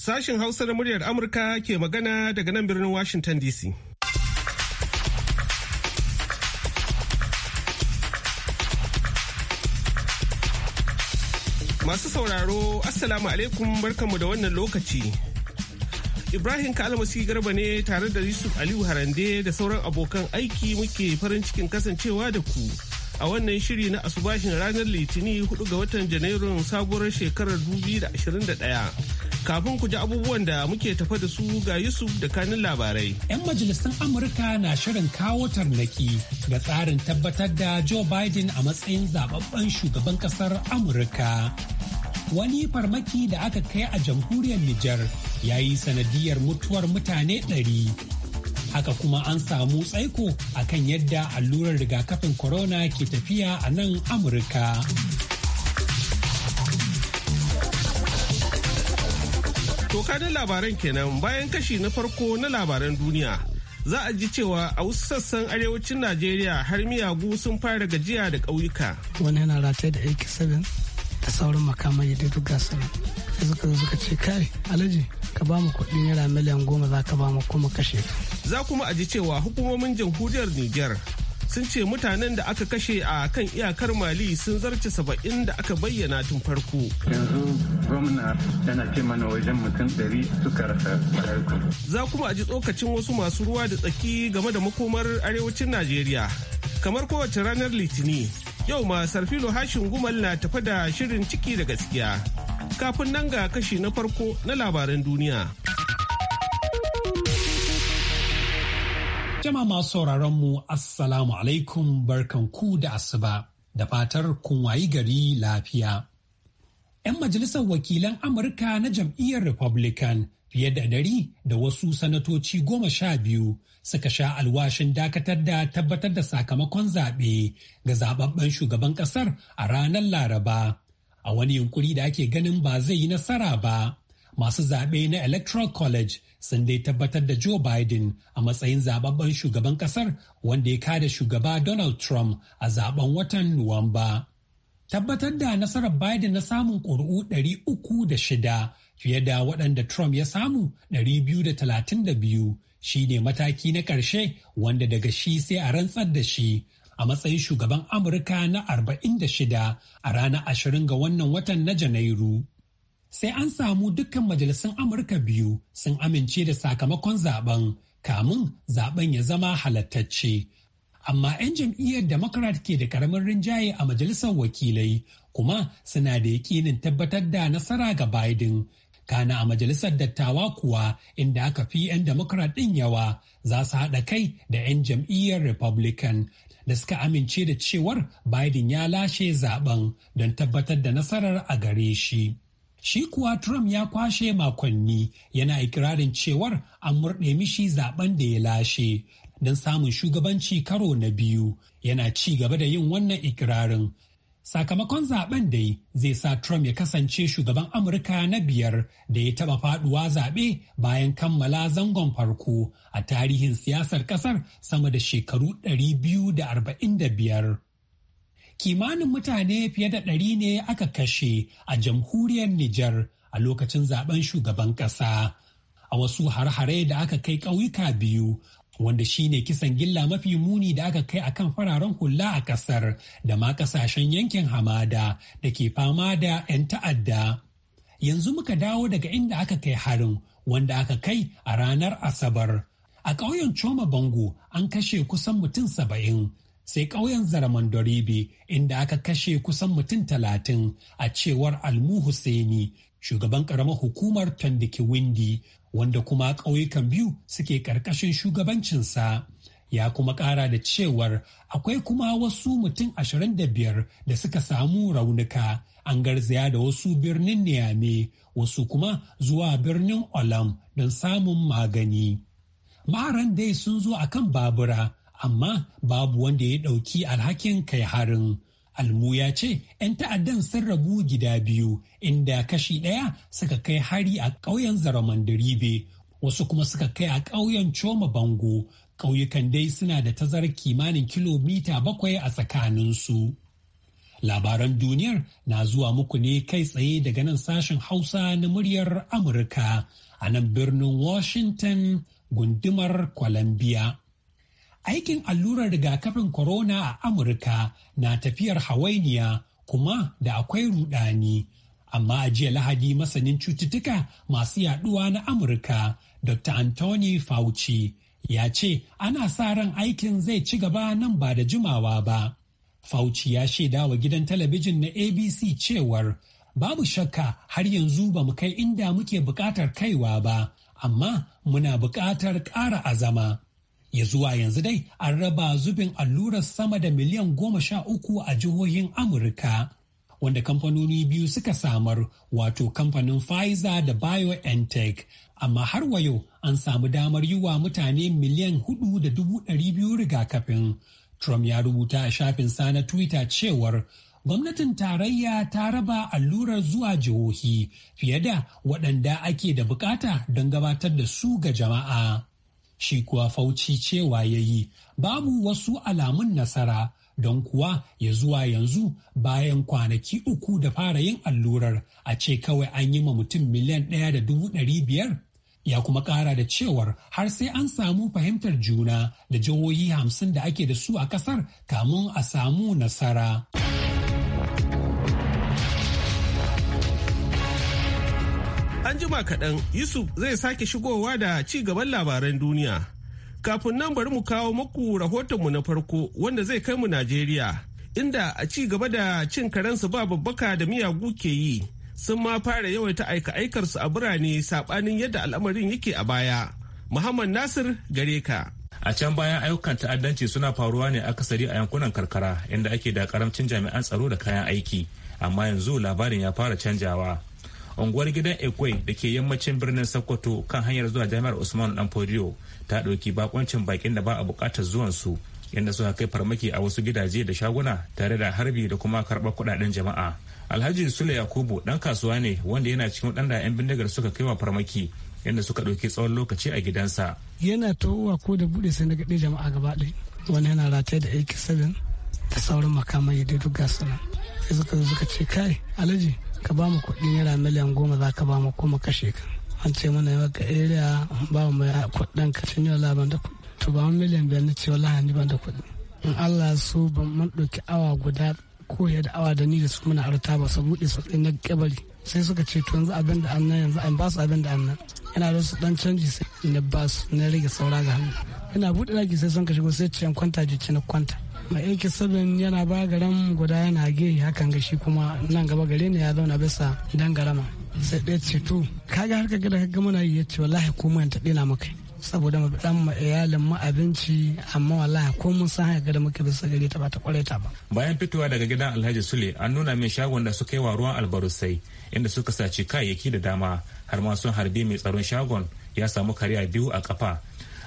Sashin Hausa da muryar Amurka ke magana daga nan birnin Washington DC. Masu sauraro, Assalamu alaikum barkanmu da wannan lokaci. Ibrahim Kalmasi Garba ne tare da Yusuf Aliyu Harande da sauran abokan aiki muke farin cikin kasancewa da ku a wannan shiri na asubashin ranar Litini 4 ga watan Janairun sabuwar shekarar 2021. Kafin ku ji abubuwan da muke tafa da su ga Yusuf da kanin labarai. 'Yan majalisun Amurka na shirin kawo tarnaki da tsarin tabbatar da Joe Biden a matsayin zababben shugaban kasar Amurka. Wani farmaki da aka kai a jamhuriyar Nijar ya yi sanadiyar mutuwar mutane ɗari. Haka kuma an samu tsaiko a kan yadda allurar rigakafin corona ke tafiya a nan Amurka. To kanin labaran kenan bayan kashi na farko na labaran duniya. Za a ji cewa a wasu sassan arewacin Najeriya har miyagu sun fara gajiya da ƙauyuka. Wani yana rataye da aiki sabin da sauran makamai da duk gasar. Sai suka zo suka ce kai alaji ka ba mu kuɗin yara miliyan goma za ka ba mu kuma kashe. Za kuma a ji cewa hukumomin jamhuriyar Nijar sun ce mutanen da aka kashe a kan iyakar mali sun zarce saba'in da aka bayyana tun farko yanzu gwamna yana ce mana wajen mutum ɗari suka rasa za kuma a ji tsokacin wasu masu ruwa da tsaki game da makomar arewacin najeriya kamar kowace ranar litini yau ma sarfilo hashin gumal na tafa da shirin ciki da gaskiya kafin nan ga kashi na farko na labaran duniya Jama masu sauraron mu Assalamu alaikum ku da asuba da fatar kun wayi gari lafiya. 'Yan majalisar wakilan Amurka na jam'iyyar Republican fiye da dari da wasu sanatoci goma sha biyu suka sha alwashin dakatar da tabbatar da sakamakon zaɓe ga zaɓaɓɓen shugaban ƙasar a ranar Laraba. A wani yunkuri da ake ganin ba zai yi nasara ba. masu zaɓe na Electoral College sun dai tabbatar da Joe Biden a matsayin zababben shugaban ƙasar wanda ya kada shugaba Donald Trump a zaben watan Nuwamba. Tabbatar da nasarar Biden na samun ƙuri'u 306 fiye da waɗanda Trump ya samu 232 shi ne mataki na ƙarshe wanda daga shi sai a rantsar da shi a matsayin shugaban Amurka na 46 a ranar 20 ga wannan watan na Janairu. sai an samu dukkan majalisun Amurka biyu sun amince da sakamakon zaben kamun zaben ya zama halattacce. Amma 'yan jam'iyyar Democrat ke da karamin rinjaye a majalisar wakilai kuma suna da yakinin tabbatar da nasara ga Biden. Kana a majalisar dattawa kuwa inda aka fi 'yan Democrat ɗin yawa za su haɗa kai da 'yan jam'iyyar Republican da suka amince da cewar Biden ya lashe zaben don tabbatar da nasarar a gare shi. Shi kuwa Trump ya kwashe makonni yana ikirarin cewar an murɗe mishi zaben da ya lashe don samun shugabanci karo na biyu yana ci gaba da yin wannan ikirarin. Sakamakon zaben dai zai sa Trump ya kasance shugaban Amurka na biyar da ya taba faduwa zaɓe bayan kammala zangon farko a tarihin siyasar ƙasar sama da shekaru 245. kimanin mutane fiye da ɗari ne aka kashe a jamhuriyar Nijar a lokacin zaben shugaban ƙasa. A wasu har-hare da aka kai ƙauyuka biyu, wanda shi ne kisan gilla mafi muni da aka kai akan fararen hula a ƙasar da ma ƙasashen yankin hamada da ke fama da 'yan ta'adda. Yanzu muka dawo daga inda aka kai harin wanda aka kai a ranar Asabar. A ƙauyen Choma Bango an kashe kusan mutum saba'in sai ƙauyen zaraman doribe inda aka kashe kusan mutum talatin a cewar almu Hussaini, shugaban ƙaramar hukumar tandiki windi wanda kuma ƙauyukan biyu suke ƙarƙashin shugabancinsa ya kuma ƙara da cewar akwai kuma wasu mutum ashirin da biyar da suka samu raunuka an garzaya da wasu birnin niyame wasu kuma zuwa birnin olam don samun magani maharan dai sun zo akan babura amma babu wanda ya ɗauki alhakin kai harin. Almu ya ce 'yan ta'addan sun rabu gida biyu inda kashi ɗaya suka kai hari a ƙauyen daribe wasu kuma suka kai a ƙauyen Coma Bango ƙauyukan dai suna da tazarar kimanin kilomita bakwai a tsakaninsu. Labaran duniyar na zuwa muku ne kai tsaye daga nan sashen Hausa na muryar Amurka a nan birnin Washington gundumar Columbia. aikin allurar rigakafin corona a Amurka na tafiyar hawainiya kuma da akwai rudani. Amma a jiya Lahadi masanin cututtuka masu yaduwa na Amurka, Dr. Anthony Fauci, ya ce ana sa ran aikin zai ci gaba nan ba da jimawa ba. Fauci ya shaida wa gidan talabijin na ABC cewar babu shakka har yanzu ba mu kai inda muke bukatar kaiwa ba, amma muna bukatar ƙara azama. ya zuwa yanzu dai an raba zubin allurar sama da miliyan goma sha uku a jihohin amurka wanda kamfanoni biyu suka samar wato kamfanin pfizer da biontech amma har wa yau an samu damar yi wa mutane miliyan hudu da dubu ɗari biyu rigakafin trump ya rubuta a shafin na twitter cewar gwamnatin tarayya ta raba allurar zuwa jihohi fiye da waɗanda ake da bukata don gabatar da su ga jama'a. shi kuwa fauci cewa ya yi babu wasu alamun nasara don kuwa ya zuwa yanzu bayan kwanaki uku da fara yin allurar a ce kawai an yi ma mutum miliyan ɗaya da dubu ɗari biyar ya kuma ƙara da cewar har sai an samu fahimtar juna da jihohi hamsin da ake da su a ƙasar kamun a samu nasara. An jima kaɗan Yusuf zai sake shigowa da ci gaban labaran duniya. Kafin nan bari mu kawo muku rahotonmu na farko wanda zai kai mu Najeriya. Inda a ci gaba da cin karensu ba babbaka da miyagu ke yi sun ma fara yawaita aika-aikarsu a birane saɓanin yadda al'amarin yake a baya. Muhammad Nasir gare ka. a can bayan ayyukan ta'addanci suna faruwa ne akasari a yankunan karkara inda ake da karamcin jami'an tsaro da kayan aiki amma yanzu labarin ya fara canjawa unguwar gidan ekwai da ke yammacin birnin sokoto kan hanyar zuwa jami'ar usman dan podio ta ɗauki bakoncin bakin da ba a buƙatar zuwan su inda suka kai farmaki a wasu gidaje da shaguna tare da harbi da kuma karɓar kuɗaɗen jama'a alhaji sule yakubu ɗan kasuwa ne wanda yana cikin waɗanda 'yan bindigar suka kai wa farmaki inda suka ɗauki tsawon lokaci a gidansa yana towa ko da buɗe sai na gaɗe jama'a gaba wani yana rataye da aiki sabin da sauran makamai da duk gasa suka ce kai alhaji ka ba mu kuɗin yara miliyan goma za ka ba mu kuma kashe ka an ce mana yawa ga area ba mu kuɗin ka sun yi laban da kuɗi to ba mu miliyan biyar na ce wallahi ni ban da kuɗi in Allah so ban man ɗauki awa guda ko da awa da ni da su muna arta ba su buɗe su na kabari sai suka ce to yanzu abin da an nan yanzu an ba su abin da an nan yana da su dan canji sai na ba su na rage saura ga hannu yana buɗe ragi sai sun ka shigo sai ce kwanta jiki na kwanta mai aiki sabin yana ba garan guda yana gehe hakan ga shi kuma nan gaba gare ne ya zauna bisa dan garama sai ɗaya ce to kaga harka gada kaga muna yi ya ce wallahi ko mun taɗe na maka saboda mu dan mu iyalin mu abinci amma wallahi ko mun san haka da muke bisa gare ta ba ta kware ta ba bayan fitowa daga gidan Alhaji Sule an nuna min shagon da suka yi wa ruwan albarusai inda suka saci kayayyaki da dama har ma sun harbi mai tsaron shagon ya samu kariya biyu a kafa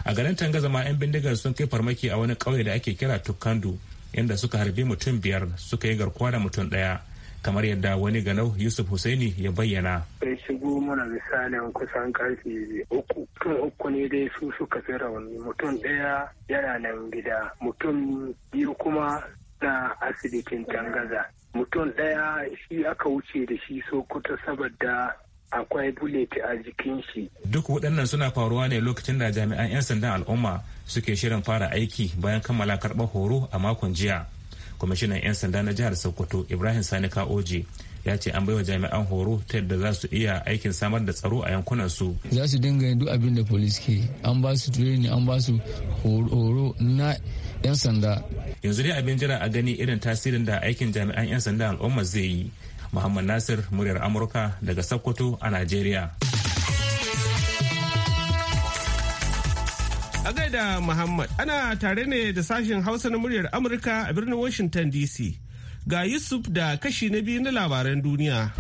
a garin tangazama 'yan bindigar sun kai farmaki a wani kauye da ake kira tukandu inda suka harbi mutum biyar suka yi garkuwa da mutum ɗaya kamar yadda wani ganau yusuf husaini ya bayyana sai shigo mana misalin kusan karfe uku tun uku ne dai su suka fi rauni mutum ɗaya yana nan gida mutum biyu kuma na asibitin tangaza mutum ɗaya shi aka wuce da shi sokoto saboda akwai bullet a jikin shi. Duk waɗannan suna faruwa ne lokacin da jami'an 'yan sandan al'umma suke shirin fara aiki bayan kammala karɓar horo a makon jiya. Kwamishinan 'yan sanda na jihar Sokoto Ibrahim Sani Ka'oji ya ce an baiwa jami'an horo ta yadda za su iya aikin samar da tsaro a yankunan su. Za su dinga yin duk abin da polis ke an ba su training an ba su horo na 'yan sanda. Yanzu dai abin jira a gani irin tasirin da aikin jami'an 'yan sanda al'umma zai yi. Muhammad Nasir muryar Amurka daga Sokoto a Najeriya. A gaida Muhammad ana tare ne da sashen Hausa na muryar Amurka a birnin Washington DC. Ga Yusuf da kashi na biyu na labaran duniya.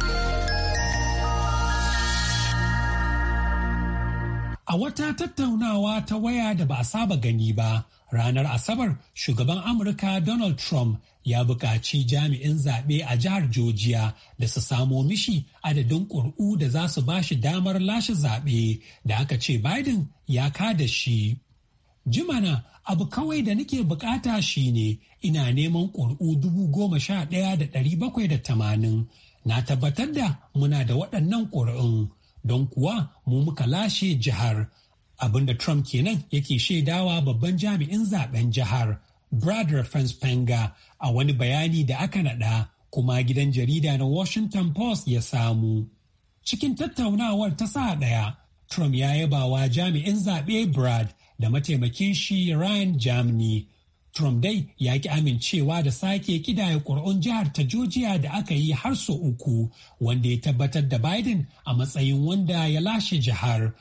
A wata tattaunawa ta waya da ba a saba gani ba, ranar Asabar shugaban Amurka Donald Trump ya buƙaci jami'in zaɓe a jihar Georgia da su samo mishi adadin ƙuri'u da za su ba shi damar lashe zaɓe da aka ce Biden ya ka da shi. Jimana abu kawai da nake bukata ne, ina neman ƙuri'u dubu goma sha ɗaya da ɗari bakwai da tamanin. Na tabbatar da muna da waɗannan ƙuri'un. don kuwa mu muka lashe jihar. Abinda Trump kenan yake shaidawa babban jami'in zaben jihar, Brad Fenspenga a wani bayani da aka naɗa kuma gidan jarida na Washington Post ya samu. Cikin tattaunawar ta sa daya Trump ya yabawa jami'in zaɓe Brad da mataimakin shi Ryan Germany. Trump dai ya ki amincewa da sake kidaya ƙuri'un jihar ta Georgia da aka yi har so uku wanda ya tabbatar da Biden a matsayin wanda ya lashe jihar.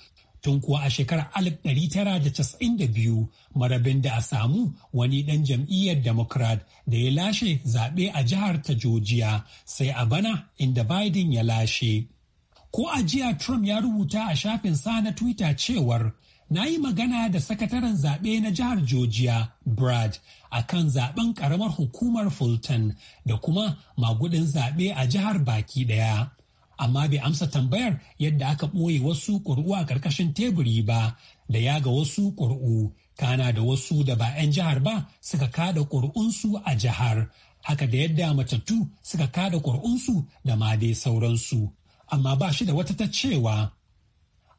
Tun kuwa a shekarar 1992 marabin da a samu wani ɗan jam'iyyar Democrat da ya lashe zaɓe a jihar ta Georgia sai a bana inda Biden ya lashe. Ko a jiya Trump ya rubuta a shafin sa na Twitter cewar na yi magana da sakataren zaɓe na jihar Georgia, Brad, a kan zaɓen ƙaramar hukumar Fulton da kuma magudin zaɓe a jihar baki ɗaya. Amma bai amsa tambayar yadda aka ɓoye wasu ƙuri'u a ƙarƙashin teburi ba, da ya ga wasu ƙuri'u, kana da wasu da ba 'yan jihar ba suka kada ƙuri'unsu a jihar. Haka da yadda matattu suka kada ƙuri'unsu da ma dai sauransu. Amma ba shi da wata ta cewa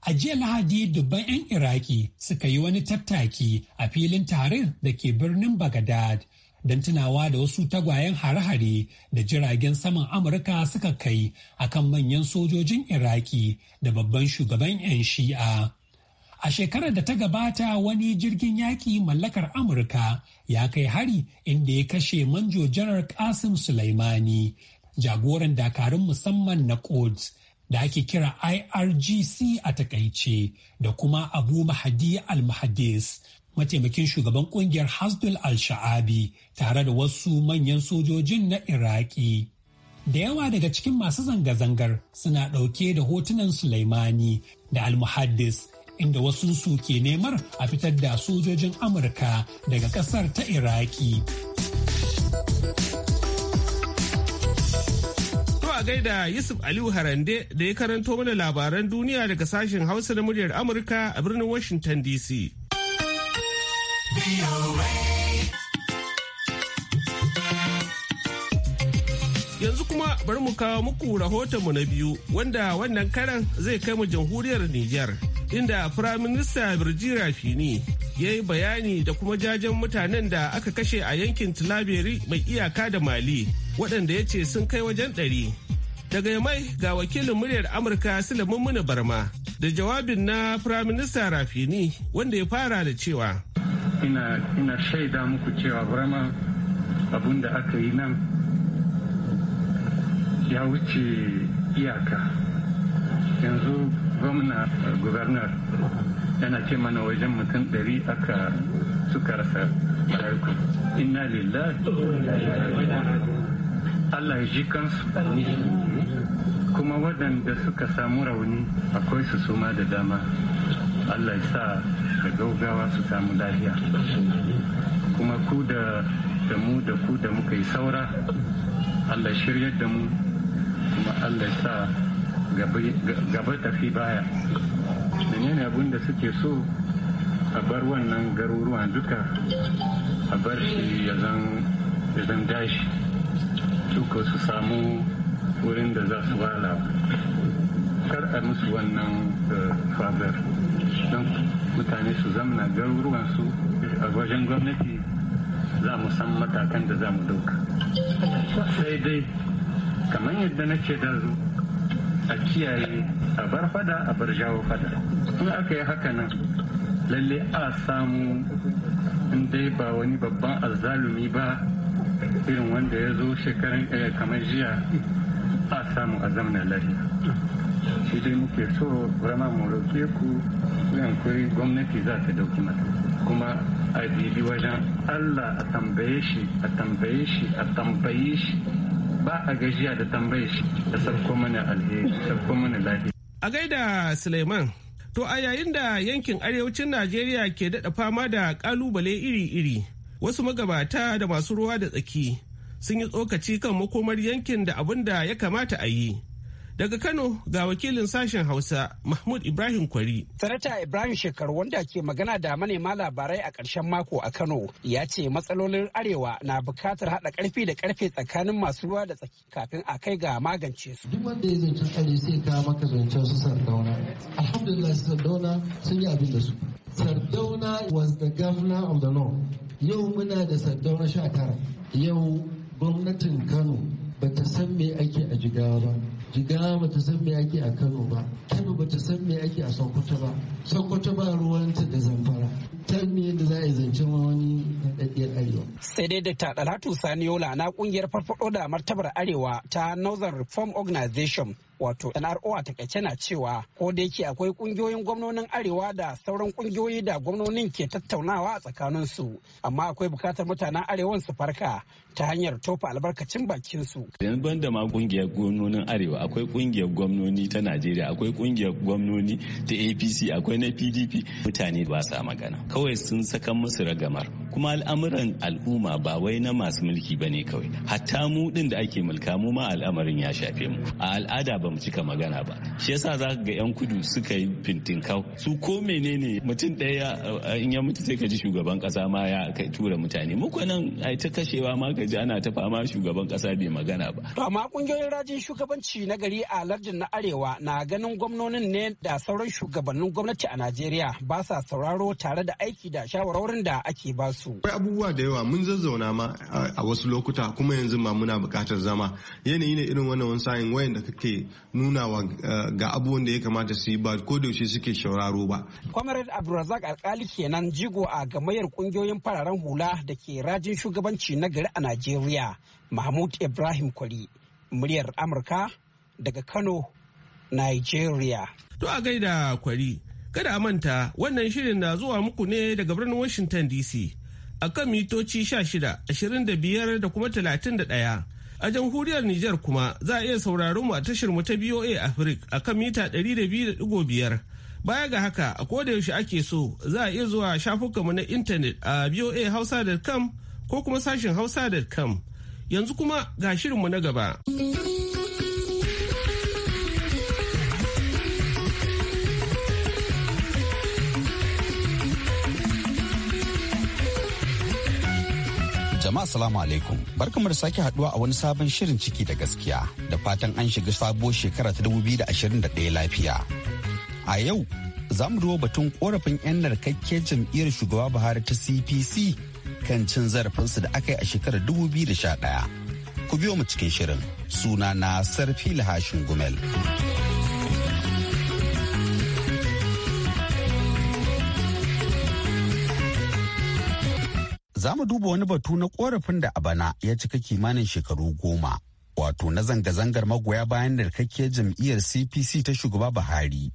A jiya Lahadi dubban 'yan Iraki suka yi wani tattaki a filin tarin da ke birnin Bagdad don tunawa da wasu tagwayen hare-hare da jiragen saman Amurka suka kai a kan manyan sojojin Iraki da babban shugaban 'yan Shi'a. A shekarar da ta gabata wani jirgin yaƙi mallakar Amurka ya kai hari inda ya kashe manjo janar Qasim Sulaimani, jagoran dakarun musamman na Quds. da ake kira IRGC a takaice da kuma Abu Mahdi al mahdis mataimakin shugaban kungiyar Hasdul al-Sha'abi tare da wasu manyan sojojin na Iraki. Da yawa daga cikin masu zanga-zangar suna ɗauke da hotunan Sulaimani da al mahdis inda wasu su ke nemar a fitar da sojojin Amurka daga ƙasar ta Iraki. a gaida Yusuf Aliyu Harande da ya karanto mana labaran duniya daga sashen Hausa na muryar Amurka a birnin Washington DC. Yanzu kuma bari mu kawo muku rahotonmu na biyu wanda wannan karan zai kai mu jamhuriyar Nijar. inda firaminista Birjira Fini ya yi bayani da kuma jajen mutanen da aka kashe a yankin Tilaberi mai iyaka da Mali waɗanda ya ce sun kai wajen ɗari. Daga mai ga wakilin muryar Amurka Sulaiman Muna Barma da jawabin na firaminista Rafini wanda ya fara da cewa. Ina, ina shaida muku cewa Barma abun da aka yi nan ya wuce iyaka. Yanzu gwamna eh, gubernar yana ce mana wajen mutum ɗari aka suka rasa rayukan inna lillahi Allah ya ji kansu kuma waɗanda suka samu rauni akwai su suma da dama Allah ya sa da gaugawa su samu lafiya kuma ku da da mu da ku da muka yi saura Allah shirya da mu kuma Allah ya sa gaba tafi baya menene abun da suke so a bar wannan garuruwan duka a bar shi ya zan dashi duka su samu wurin da za su wala kar a musu wannan eh, fabar don mutane su zamna garuruwan su a wajen gwamnati za mu san matakan da za mu dauka sai dai kamar yadda na ce da a kiyaye a bar fada a bar jawo fada in aka yi haka nan lalle a samu in dai ba wani babban azzalumi ba irin wanda ya zo shekaran eh, kamar jiya a samu a zamana lafiya shi dai muke so rama mu roƙe ku yankuri gwamnati za ta dauki mata kuma a bibi wajen allah a tambaye shi a tambaye shi a tambaye shi ba a gajiya da tambayi da sarko mana alheri sarko mana lafiya a gaida suleiman to a yayin da yankin arewacin najeriya ke daɗa fama da ƙalubale iri-iri wasu magabata da masu ruwa da tsaki sun yi tsokaci kan makomar yankin da abin da ya kamata a yi Daga Kano ga wakilin sashen Hausa Mahmud Ibrahim Kwari. Sanata Ibrahim Shekaru wanda ke magana da manema labarai a ƙarshen mako a Kano ya ce matsalolin Arewa na bukatar haɗa ƙarfi da ƙarfe tsakanin masu ruwa da tsaki kafin a kai ga magance su. Duk wanda ya zancen tsari sai ka maka zancen su Sardauna. Alhamdulillah Sardauna sun yi abin da su. Sardauna was the governor of the north. Yau muna da Sardauna sha tara. Yau gwamnatin Kano ba ta san me ake a jigawa ba jigawa ba ta san me ake a kano ba kano ba ta san me ake a sokoto ba sokoto ba ruwan ta da zamfara ta me yadda za a yi zancen wani daɗaɗɗiyar arewa. sai dai dakta dalatu saniola na kungiyar farfaɗo da martabar arewa ta northern reform organization wato nro a takaice na cewa ko da yake akwai kungiyoyin gwamnonin arewa da sauran kungiyoyi da gwamnonin ke tattaunawa a tsakanin su amma akwai bukatar mutanen arewan su farka ta hanyar tofa albarkacin bakin su yanzu ban da ma kungiyar gwamnonin arewa akwai kungiyar gwamnoni ta najeriya akwai kungiyar gwamnoni ta apc akwai na pdp mutane ba sa magana kawai sun saka musu ragamar kuma al'amuran al'umma ba wai na masu mulki ba ne kawai hatta mu din da ake mulka mu ma al'amarin ya shafe mu a al'ada ba mu cika magana ba shi yasa za ka ga 'yan kudu suka yi fintin kau su ko menene mutum ɗaya eh, in ya mutu sai ka ji shugaban kasa ma ya kai tura mutane mu nan ai ta kashewa ma ka ji ana ta fama shugaban kasa bai magana ba to amma kungiyoyin rajin shugabanci na gari a lardin na arewa na ganin gwamnonin ne da sauran shugabannin gwamnati a Najeriya ba sa sauraro tare da aiki da shawarwarin da ake ba su su akwai abubuwa da yawa mun zazzauna ma a wasu lokuta kuma yanzu ma muna bukatar zama yanayi ne irin wannan sa'in wayan da kake nunawa eh, ga abubuwan da ya kamata su yi ba ko da yaushe suke shauraro ba comrade abdulrazak alkali kenan jigo a gamayyar kungiyoyin fararen hula da ke rajin shugabanci na gari a najeriya mahmud ibrahim kwari muryar amurka daga kano nigeria to a gaida kwari kada a manta wannan shirin na zuwa muku ne daga birnin washington dc a kan mitoci 16, 25 da kuma 31. A jamhuriyar Nijar kuma za a iya sauraron mu a tashar mu ta BOA Africa a kan mita 200.5. Baya ga haka a koda yaushe ake so za a iya zuwa shafukanmu na intanet a BOA boahausa.com ko kuma sashin hausa.com. Yanzu kuma ga shirinmu na gaba. Jama'a salamu alaikum. Barkamu da sake haduwa a wani sabon shirin ciki da gaskiya da fatan an shiga sabuwar shekara ta 2021 lafiya. A yau za mu duba batun korafin 'yan narkakke jam'iyyar shugaba Buhari ta CPC kan cin zarafinsu da aka yi a shekarar 2011. Ku biyo mu cikin shirin suna na Sarfi Lahashin Gumel. za mu duba wani batu na korafin da a bana ya cika kimanin shekaru goma wato na zanga-zangar magoya bayan da rikakkiyar jam'iyyar cpc ta shugaba buhari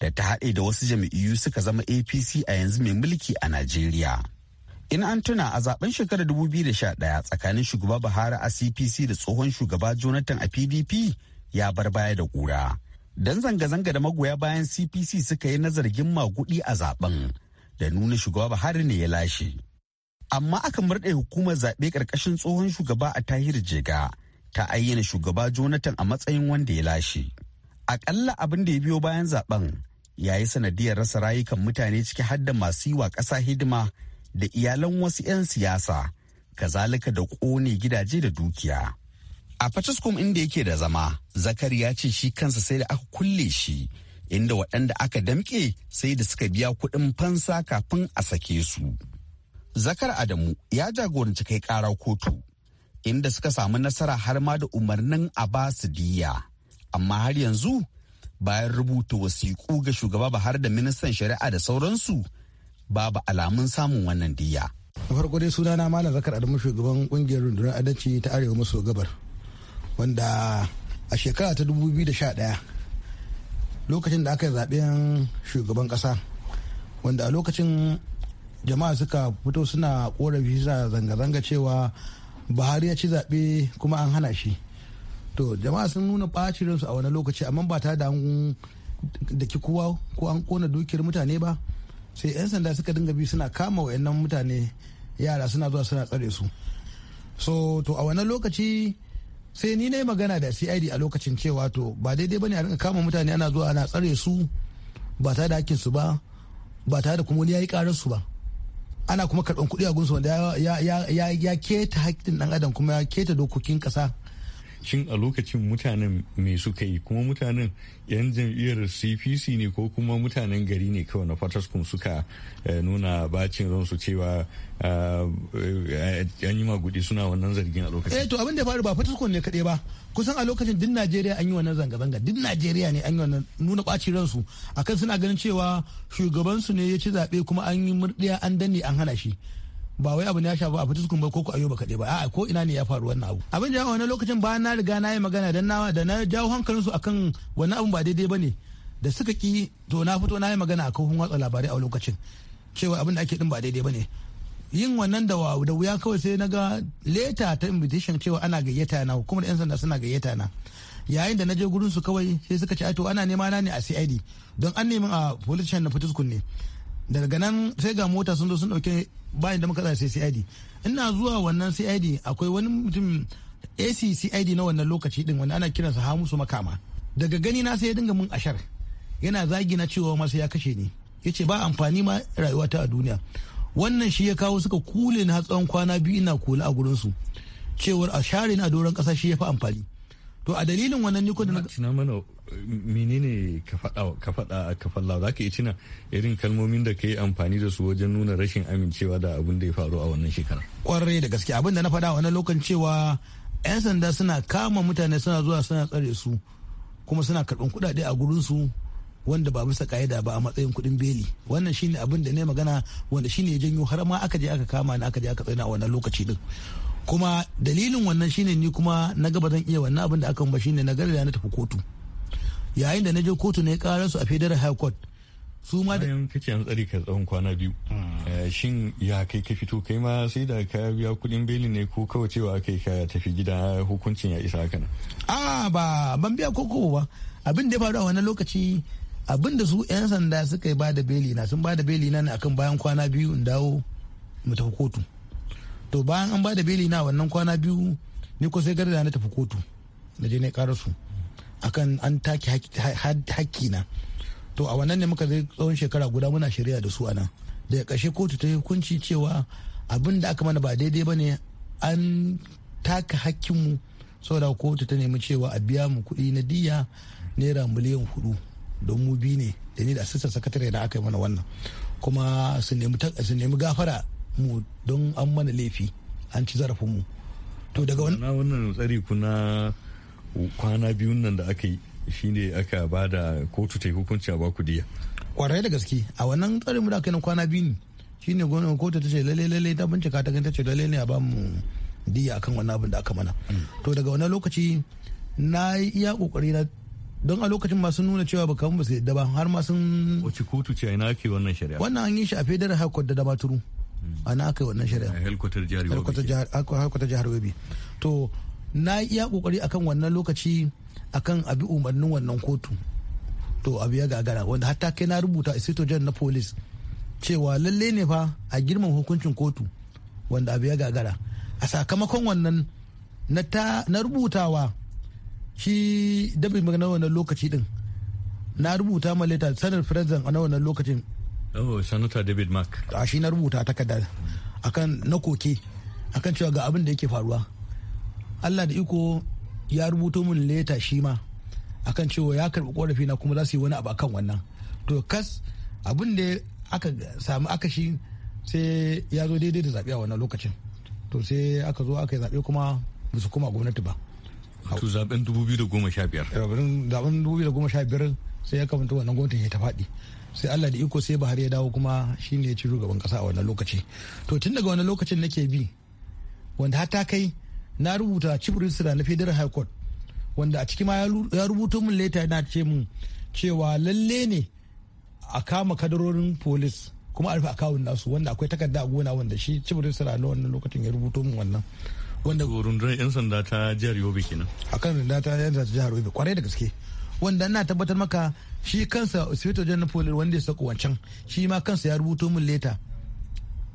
da ta haɗe da wasu jam'iyyu suka zama apc a yanzu mai mulki a najeriya in an tuna a zaben shekarar ɗaya tsakanin shugaba buhari a cpc da tsohon shugaba jonathan a pdp ya bar baya da ƙura don zanga-zanga da magoya bayan cpc suka yi na zargin maguɗi a zaben da nuna shugaba buhari ne ya lashe amma aka murɗe hukumar zaɓe ƙarƙashin tsohon shugaba a tahir jega ta ayyana shugaba jonathan a matsayin wanda ya lashe aƙalla abin da ya biyo bayan zaɓen, ya yi sanadiyar rasa rayukan mutane ciki har da masu yi wa ƙasa hidima da iyalan wasu 'yan siyasa kazalika da ƙone gidaje da dukiya a fataskum inda yake da zama zakari ya ce shi kansa sai da aka kulle shi inda waɗanda aka damƙe sai da suka biya kuɗin fansa kafin a sake su zakar adamu ya jagoranci kai kara kotu inda suka samu nasara har ma da umarnin a ba su diya amma har yanzu bayan rubuta wasiƙu ga shugaba ba har da ministan shari'a da sauransu babu alamun samun wannan diya da farko dai sunana malam zakar adamu shugaban kungiyar rundunar adalci ta arewa maso gabar wanda a shekara ta 2011 lokacin da aka yi zaben shugaban kasa wanda a lokacin jama'a suka fito suna korafi suna zanga-zanga cewa bahari ya ci zaɓe kuma an hana shi to jama'a sun nuna ɓacin su a wani lokaci amma ba ta da daki kowa ko an kona dukiyar mutane ba sai 'yan sanda suka dinga bi suna kama wa'annan mutane yara suna zuwa suna tsare su so to a wani lokaci sai ni na magana da cid a lokacin cewa to ba daidai ne a kama mutane ana zuwa ana tsare su ba ta da hakkin ba ba ta da kuma wani yi karar su ba ana kuma karɓan kuɗi a gunsu wanda ya keta haƙƙin ɗan adam kuma ya keta dokokin ƙasa shin a lokacin mutanen me suka yi kuma mutanen yan jam'iyyar cpc ne ko kuma mutanen gari ne kawai na fataskun suka eh, nuna bacin ransu cewa eh, an yi magudi suna wannan zargin a lokacin eh to abin da faru ba fataskun ne kaɗai ba kusan a lokacin duk najeriya an yi wannan zanga-zanga duk najeriya ne an yi wannan nuna bacin ransu akan suna ganin cewa shugabansu ne ya ci zaɓe kuma an yi murɗiya an danne an hana shi ba wai abu ne ya shafi a fitiskun ba ko ku ayo ba kaɗai ba a'a ko ina ne ya faru wannan abu abin da wani lokacin ba na riga na yi magana da na da na jawo hankalinsu akan wani abu ba daidai ba ne da suka ki to na fito na yi magana a kafin watsa labarai a lokacin cewa abin da ake din ba daidai ba ne yin wannan da da wuya kawai sai na ga leta ta invitation cewa ana gayyata na hukumar yan sanda suna gayyata na yayin da na je gurin su kawai sai suka ce to ana nema na ne a CID don an nemi a politician na fitiskun ne daga nan sai ga mota sun zo sun dauke bayan da muka sai cid ina zuwa wannan cid akwai wani mutum ac cid na wannan lokaci din wanda ana kiransa musu makama daga gani na sai ya dinga mun ashar yana zagi na cewa masu ya kashe ni ya ce ba amfani ma rayuwa ta a duniya wannan shi ya kawo suka kule na tsawon kwana biyu ina kula a gurinsu cewar a share ni a doron kasa shi ya fi amfani to a dalilin wannan ni ko da menene ka faɗa ka faɗa ka falla za ka yi irin kalmomin da ka yi amfani da su wajen nuna rashin amincewa da abin da ya faru a wannan shekara. Kwarai da gaske abin da na faɗa a wannan lokacin cewa 'yan sanda suna kama mutane suna zuwa suna tsare su kuma suna karɓan kuɗaɗe a gurin su wanda ba bisa ka'ida ba a matsayin kuɗin beli wannan shine abin da ne magana wanda shine ya janyo har ma aka je aka kama ni aka je aka tsaya a wannan lokaci din kuma dalilin wannan shine ni kuma na gaba zan iya wannan abin da aka ba shine na da na tafi kotu yayin da na je kotu ne karar su a federal high court su ma da yanka ce an ka tsawon kwana biyu eh, shin ya kai ka fito kai ma sai da ka biya kudin beli ne ko kawai cewa kai ka tafi gida hukuncin ya isa haka a ba ban biya koko ba abin da ya faru a wannan lokaci abin da su yan sanda suka yi bada beli na sun bada beli na ne akan bayan kwana biyu in dawo mu tafi kotu to bayan an bada beli na wannan kwana biyu ni ko sai garda na tafi kotu na je ne karasu su akan an take haƙƙi na to a wannan ne muka zai tsawon shekara guda muna shari'a da su anan daga ƙarshe kotu ta hukunci cewa abin da aka mana ba daidai ba ne an taka sau saboda kotu ta nemi cewa a biya mu kuɗi na diya naira miliyan hudu don mu bi ne da ni da asistan sakatare na aka yi mana wannan kuma su nemi gafara mu don an mana laifi an ci zarafinmu to daga wannan tsari kuna kwana biyun nan da aka yi shine aka ba da kotu ta yi hukunci a baku diya kwarai da gaske a wannan tsarin da aka yi na kwana biyu ne shine gwamnatin kotu ta ce lalle lalle ta bincika ta ganta ce lalle ne a bamu diya akan wannan abin da aka mana to daga wannan lokaci na yi iya kokari na don a lokacin masu nuna cewa ba kamun ba su yadda ba har ma sun wace kotu ce a na ake wannan shari'a wannan an yi shi a federal high court da damaturu ana aka yi wannan shari'a a helkwatar jihar yobe to na iya kokari akan wannan lokaci akan abi umarnin wannan kotu to abu ya gagara wanda hatta kai na rubuta a jan na polis cewa lalle ne fa a girman hukuncin kotu wanda abu ya gagara a sakamakon wannan na rubutawa shi dabi na wannan lokaci din na rubuta ma leta sanar president a na wannan lokacin oh sanata david mark a shi na rubuta takarda akan na koke akan cewa ga abin da yake faruwa allah da iko ya rubuto min leta shi ma akan cewa ya karbi korafi na kuma za su yi wani abu akan wannan to kas abin da aka samu akashi sai ya zo daidai da zaɓe a wannan lokacin to sai aka zo aka yi zaɓe kuma ba su koma gwamnati ba to zaben 2015 zaben 2015 sai ya kamanta wannan gwamnatin ya ta faɗi sai Allah da iko sai Buhari ya dawo kuma shine ya ci shugaban kasa a wannan lokaci to tun daga wannan lokacin nake bi wanda har ta kai na rubuta chief registrar na federal high court wanda a ciki ma ya rubuto min leta yana ce min cewa lalle ne a kama kadarorin police kuma a rufe akawun nasu wanda akwai takarda a gona wanda shi chief registrar na wannan lokacin ya rubuto min wannan wanda rundunar yan sanda ta jihar yobe kenan akan rundunar ta yan sanda ta jihar yobe kwarai da gaske wanda ina tabbatar maka shi kansa osifito jan napoleon wanda ya sako wancan shi ma kansa ya rubuto min leta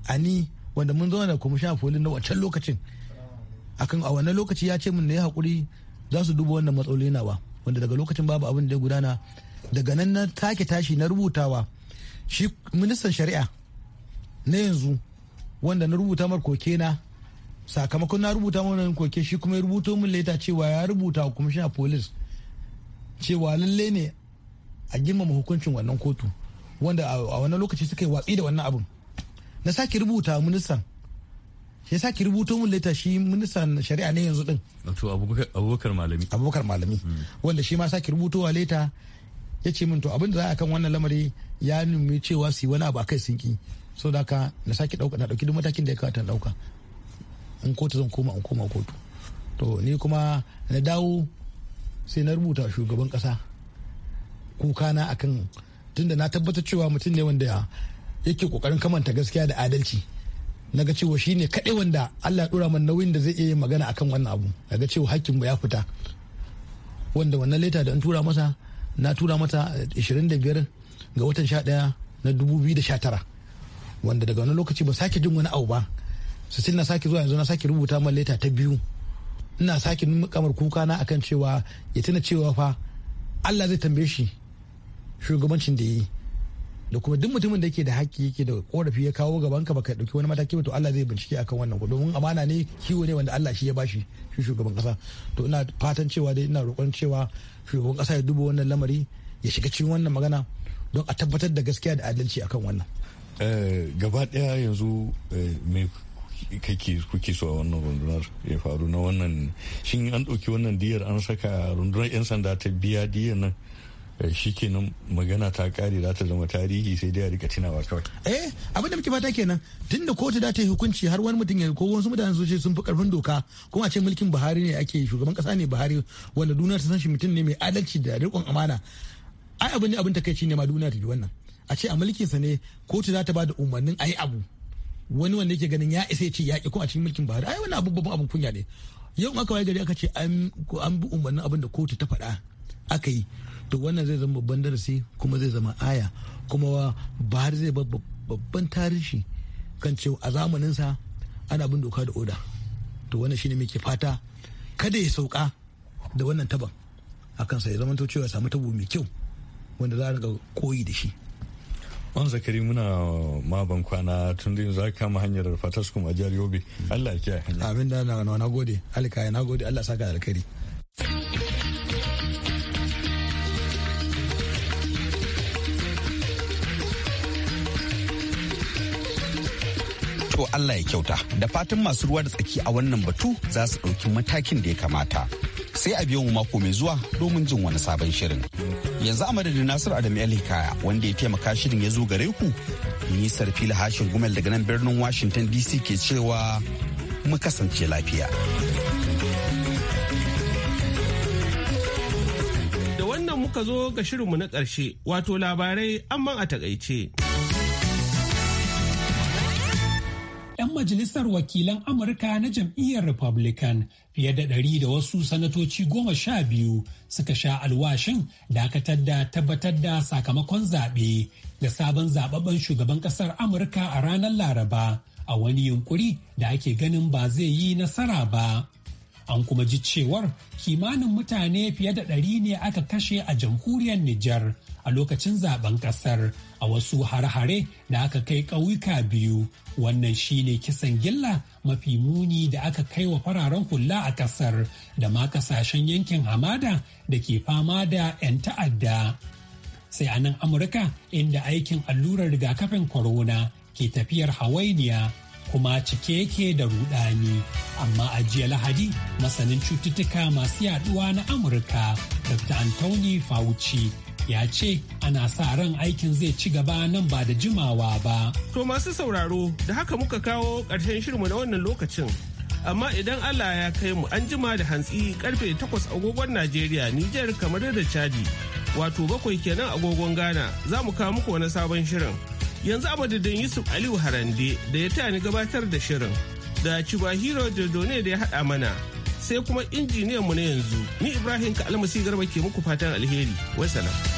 ani wanda mun zauna da kwamishin polin na wancan lokacin akan a wannan lokaci ya ce min na yi hakuri za su duba wannan matsaloli nawa wanda daga lokacin babu abin da ya gudana daga nan na take tashi na rubutawa shi ministan shari'a na yanzu wanda na rubuta mar koke na sakamakon na rubuta mana koke shi kuma ya rubuto min leta cewa ya rubuta kuma shi polis cewa lalle ne a girmama hukuncin wannan kotu wanda a wannan lokaci suka yi watsi da wannan abin na sake rubuta ministan shi yasa ki rubuto mun leta shi ministan shari'a ne yanzu din to abubakar malami abubakar malami hmm. wanda shi ma sa ki rubuto wa leta ya ce min to abin da za a kan wannan lamari ya nemi cewa su yi wani abu akai sun ki so da ka na sake dauka na dauki duk matakin da ya kawata na dauka in kotu zan koma in koma kotu to ni kuma na dawo sai na rubuta shugaban kasa na akan tunda na tabbatar cewa mutum ne wanda yake kokarin kamanta gaskiya da adalci na ga cewa ne kaɗai wanda Allah ya ɗora man nauyin da zai iya yin magana akan wannan abu na ga cewa hakkin ya fita wanda wannan leta da an tura masa na tura mata 25 ga watan 11 na 2019 wanda daga wani lokaci ba sake jin wani abu ba su na sake zuwa yanzu na sake rubuta man leta ta biyu ina sake kamar kuka na akan cewa ya tuna cewa fa Allah zai tambaye shi shugabancin da ya yi da kuma duk mutumin da ke da haƙƙi yake da ƙorafi ya kawo gaban ka baka dauki wani mataki ba to Allah zai bincike akan wannan domin amana ne kiwo ne wanda Allah shi ya bashi shi shugaban kasa to ina fatan cewa dai ina roƙon cewa shugaban kasa ya duba wannan lamari ya shiga cikin wannan magana don a tabbatar da gaskiya da adalci akan wannan eh, gaba daya yanzu eh, me kake kuke so a wannan rundunar ya faru na wannan shin an ɗauki wannan diyar an saka rundunar 'yan sanda ta biya diyar nan Eh, shikenan magana ta kare za ta zama tarihi sai dai a rika tunawa kawai eh abin da muke fata kenan tun da kotu za ta yi hukunci har wani mutum ya ko wasu mutane su ce sun fi karfin doka kuma a ce mulkin Buhari ne ake shugaban kasa ne Buhari wanda duniya ta san shi mutum ne mai adalci da rikon amana ai abin abin shi ne ma duniya ta ji wannan a ce a mulkin sa ne kotu za ta ba da umarnin ayi abu wani wanda yake ganin ya isa ya ce yaƙi ko a cikin mulkin Buhari ai wannan abubuwan abin kunya ne yau aka waye gari aka ce an bi umarnin abin da kotu ta faɗa aka yi to wannan zai zama babban darasi kuma zai zama aya kuma ba har zai babban tarihi kan cewa a zamaninsa ana bin doka da oda to wannan shine muke fata kada ya sauka da wannan taban a kansa ya zamanto cewa samu tabo mai kyau wanda za a riga koyi da shi wani zakari muna ma ban kwana tun da za ka kama hanyar fataskum a jihar yobe mm. allah ya kiyaye hanya abin da na gode alika na gode allah saka alkari To Allah ya kyauta da fatan masu ruwa da tsaki a wannan batu za su ɗauki matakin da ya kamata. Sai a biyo mu mako mai zuwa domin jin wani sabon shirin. Yanzu a madadin Nasiru Adam Hikaya wanda ya taimaka shirin ya zo gare ku. Nisar fila hashin gumel daga nan birnin Washington DC ke cewa mu kasance lafiya. Da wannan muka zo ga shirinmu na ƙarshe wato labarai amma a takaice. majalisar wakilan Amurka na jam'iyyar Republican fiye da ɗari da wasu sanatoci goma sha biyu suka sha alwashin dakatar da tabbatar da sakamakon zaɓe da sabon zababben shugaban ƙasar Amurka a ranar Laraba a wani yunkuri da ake ganin ba zai yi nasara ba. An kuma ji cewar kimanin mutane fiye da ɗari ne aka kashe a jamhuriyar Nijar a lokacin zaben ƙasar a wasu har-hare da aka kai ƙauyuka biyu wannan shi ne kisan gilla mafi muni da aka kai wa fararen hula a ƙasar da ma kasashen yankin hamada da ke fama da 'yan ta'adda sai a nan amurka inda aikin allurar rigakafin corona ke tafiyar hawainiya kuma cike yake da rudani amma a jiya lahadi masanin cututtuka masu yaduwa na amurka dr anthony fauci ya ce ana sa ran aikin zai ci gaba nan ba da jimawa ba. To masu sauraro da haka muka kawo ƙarshen shirmu na wannan lokacin. Amma idan Allah ya kai mu an jima da hantsi karfe takwas agogon Najeriya, Nijar kamar da Chadi. Wato bakwai kenan agogon Ghana za mu kawo muku wani sabon shirin. Yanzu a madadin Yusuf Aliyu Harande da ya tani gabatar da shirin. Da Chibahiro Dodone da ya haɗa mana. sai kuma injiniyan mu na yanzu ni ibrahim ka almasi garba ke muku fatan alheri wasalam